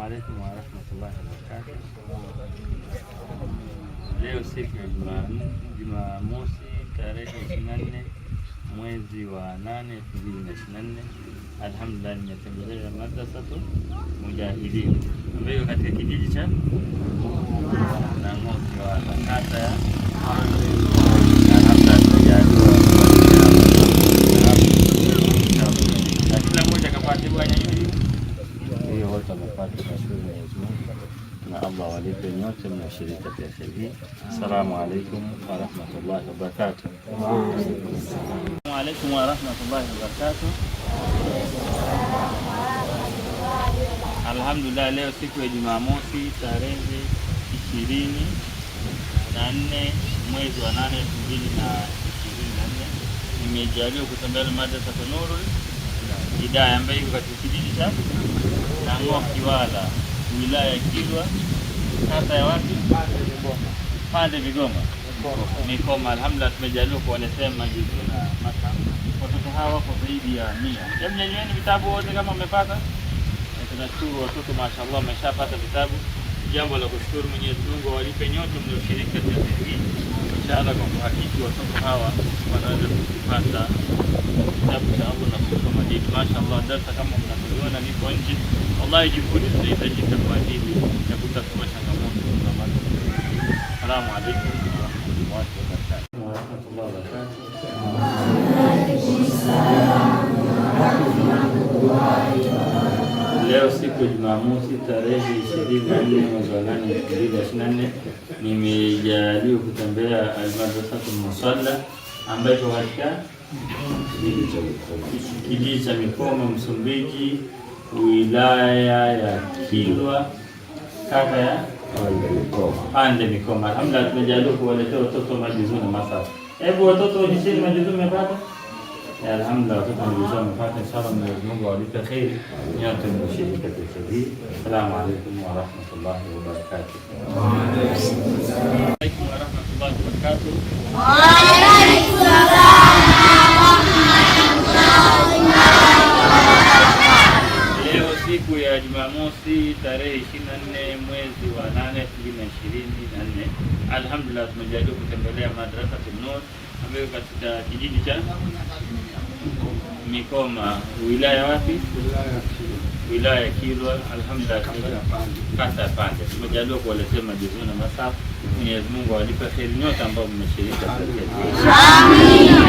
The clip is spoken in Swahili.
Assalamu alaikum warahmatullahi wabarakatuh. Leo siku ya Jumamosi tarehe 24 mwezi wa 8 2024. Alhamdulillah, nimetembelea madrasatu Mujahidin ambayo katika kijiji cha Nangoki wa kata ya tunashukuru Mwenyezi Mungu na Allah walipe nyote mnashiriki katika sherehe hii. Assalamu alaikum wa rahmatullahi wa alaikum wa rahmatullahi Alhamdulillah, leo siku ya Jumamosi tarehe ishirini na nne mwezi wa nane elfu mbili na ishirini na nne nimejaliwa kutembea madrasa Nurul Hidayah ambayo iko katika kijiji cha Nang'o Kiwala, wilaya ya Kilwa, kata ya wapi? Pande Vigoma, Mikoma. Alhamdulillah, tumejaliwa kuwanesema na maka. Watoto hawa wako zaidi ya mia. Mnyanyweni vitabu wote kama mmepata. Tunashukuru watoto, mashaallah, wameshapata vitabu. Jambo la kushukuru Mwenyezi Mungu awalipe nyote mlioshiriki katika hii. Inshallah, kwa kuhakiki watoto hawa wanaweza kupata mashaallah darsa kama na niko nje. Wallahi juhudi zinahitajika kwa ajili ya kutatua changamoto za ambazo. Salamu alaykum wa rahmatullahi wa barakatuh. Leo siku Jumamosi tarehe 24 mwezi wa 8 2024 nimejaribu kutembea Almadrasatul Musalla ambacho katika kijiji cha Mikoma Msumbiji, wilaya ya Kilwa, kata ya Pande Mikoma. Alhamdulillah, tumejaliwa kuwaletea watoto majizuni matatu. Hebu watoto wajisini majizuni mepata الحمد لله وكفى بالجزاء من فاتح ان شاء الله من الذنوب وعليك خير نعمه المشركه الكبير السلام عليكم ورحمه الله وبركاته. وعليكم ورحمه الله وبركاته. ya Jumamosi tarehe ishirini na nne mwezi wa nane na ishirini na nne alhamdulillah tumejaliwa kutembelea madrasa Nur ambayo katika kijiji cha Mikoma, wilaya wapi? Wilaya ya Kilwa, alhamdulillah kata ya Pande. Tumejaliwa kuwaletea majuzu na masafu Mwenyezi Mungu awalipe kheri nyote ambao mmeshiriki katika